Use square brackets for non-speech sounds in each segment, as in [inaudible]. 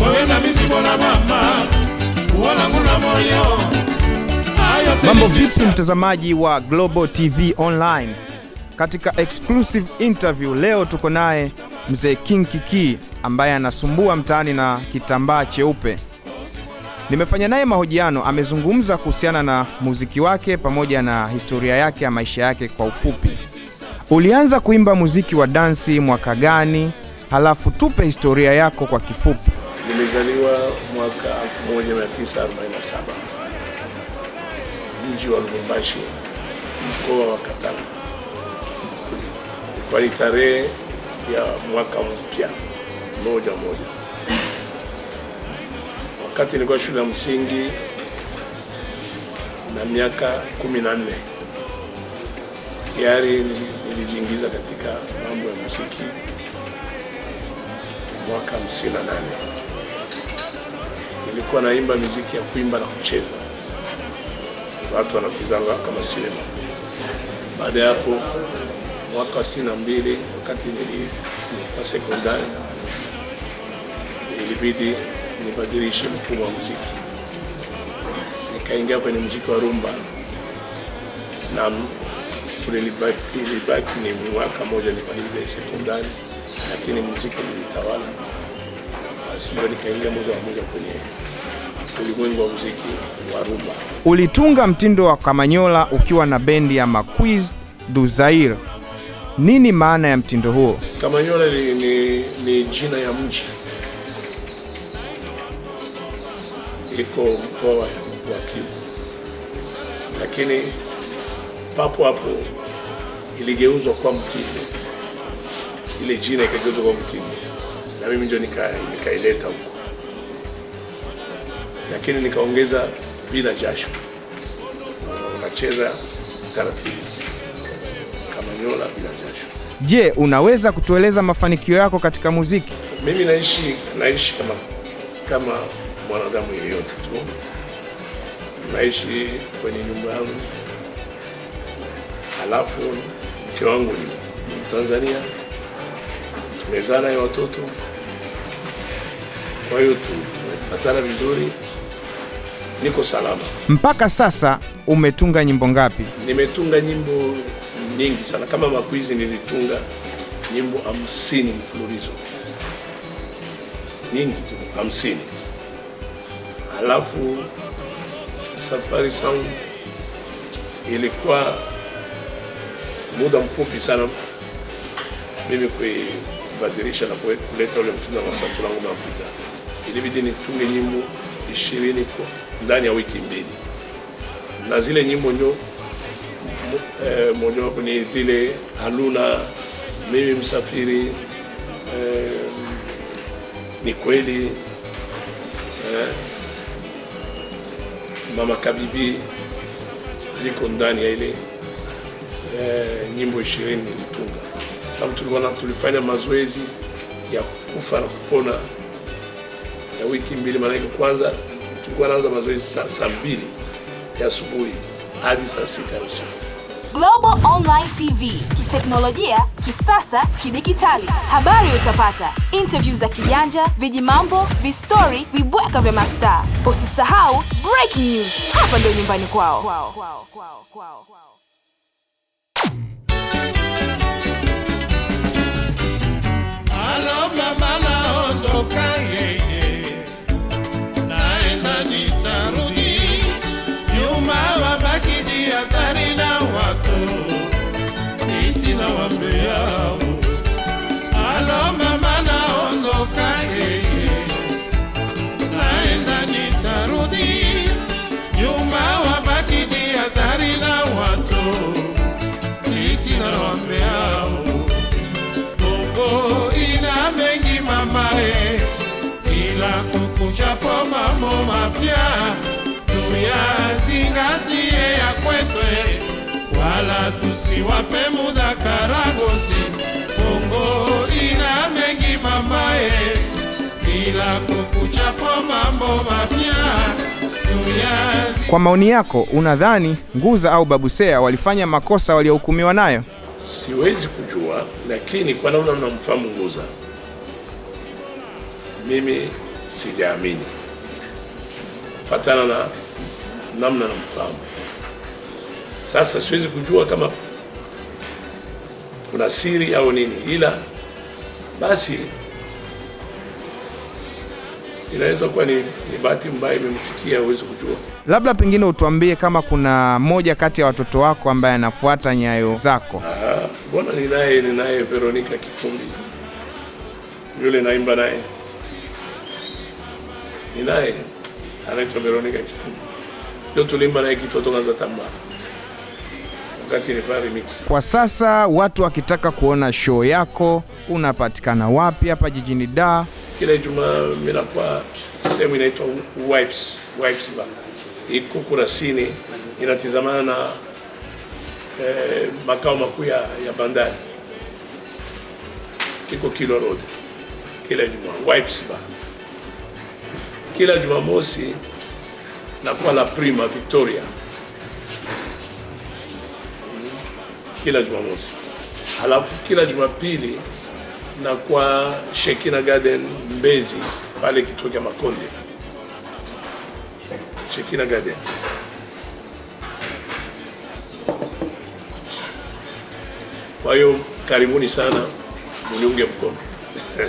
wewe na mama moyo Mambo vipi mtazamaji wa Global TV Online, katika exclusive interview leo tuko naye mzee King Kiki ambaye anasumbua mtaani na kitambaa cheupe. Nimefanya naye mahojiano, amezungumza kuhusiana na muziki wake pamoja na historia yake ya maisha yake. Kwa ufupi, ulianza kuimba muziki wa dansi mwaka gani? halafu tupe historia yako kwa kifupi. Nimezaliwa mwaka 1947 mji wa Lubumbashi, mkoa wa Katanga. Ilikuwa ni tarehe ya mwaka mpya moja moja. Wakati nilikuwa shule ya msingi na miaka kumi na nne tayari nilijiingiza katika mambo ya muziki mwaka 58 nilikuwa naimba miziki ya kuimba na kucheza, watu wanatizama kama sinema. Baada ya hapo mwaka wa sitini na mbili wakati nilikuwa sekondari, ilibidi nibadilishe mfumo wa muziki, nikaingia kwenye muziki wa rumba na ilibaki ni mwaka moja nimalize sekondari lakini muziki nilitawala, basi ndio nikaingia moja kwa moja kwenye ulimwengu wa muziki wa rumba. Ulitunga mtindo wa Kamanyola ukiwa na bendi ya Maquis du zair Nini maana ya mtindo huo? Kamanyola ni, ni, ni jina ya mji iko mkoa wa Kivu, lakini papo hapo iligeuzwa kwa mtindo ile jina ikageuzwa kwa mtindo, na mimi ndio nikaileta huko, lakini nikaongeza bila jasho, unacheza taratibu nyola bila jasho. Je, unaweza kutueleza mafanikio yako katika muziki? Mimi naishi naishi kama kama mwanadamu yeyote tu, naishi kwenye nyumba yangu, halafu mke wangu ni Mtanzania mezara ya watoto. Kwa hiyo tumepatana vizuri, niko salama. Mpaka sasa umetunga nyimbo ngapi? Nimetunga nyimbo nyingi sana, kama makwizi nilitunga nyimbo hamsini mfululizo, nyingi tu, hamsini. alafu Safari Sound ilikuwa muda mfupi sana mimi kwe kubadilisha na kuleta ule mtindo wa safu langu mpita. Ilibidi nitunge nyimbo ishirini ndani ya wiki mbili, na zile nyimbo nyo eh, mojawapo ni zile haluna mimi msafiri eh, ni kweli eh, mama kabibi ziko ndani ya ile eh, nyimbo ishirini nilitunga sababu tulifanya mazoezi ya kufa na kupona ya wiki mbili. Maanake kwanza tulikuwa naanza mazoezi saa mbili ya asubuhi hadi saa sita ya usiku. Global Online TV, kiteknolojia, kisasa, kidigitali. Habari utapata, interview za kijanja, vijimambo, vistori, vibweka vya mastaa. Usisahau breaking news, hapa ndio nyumbani kwao. no mama naondoka Yapo mambo mapya tuyazingatie, ya kwetu eh. wala tusiwape muda karagosi. Bongo ina mengi mamae, eh. bila kukuchapo mambo mapya. Kwa maoni yako, unadhani Nguza au Babusea walifanya makosa waliohukumiwa nayo? Siwezi kujua, lakini kwa namna mnamfahamu Nguza, mimi sijaamini, fatana na namna namfahamu. Sasa siwezi kujua kama kuna siri au nini, ila basi inaweza kuwa ni, ni bahati mbaya imemfikia, huwezi kujua. Labda pengine utuambie kama kuna moja kati ya watoto wako ambaye anafuata nyayo zako. Mbona ninaye ninaye Veronica kikundi yule naimba naye ninaye anaitwa Veronica Kitima, ndio tulimba naye kitoto toka za wakati ni ilifanya Mix. Kwa sasa watu wakitaka kuona show yako unapatikana wapi? Hapa jijini Dar kila Ijumaa minakuwa sehemu inaitwa Wipes, Wipes Bar iko Kurasini, inatizamana na eh, makao makuu ya bandari iko Kilo Road, kila Ijumaa Wipes Bar. Kila Jumamosi nakuwa la prima Victoria, kila Jumamosi. Halafu kila Jumapili nakuwa Shekina Garden Mbezi, pale kituo cha Makonde, Shekina Garden. Kwa hiyo karibuni sana, muniunge mkono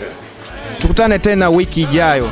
[laughs] tukutane tena wiki ijayo.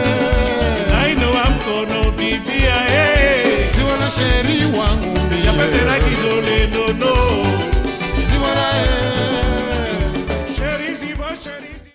pia hey. Eh. Si wanasheria wangu mimi Yapete na kidole nono Si wanae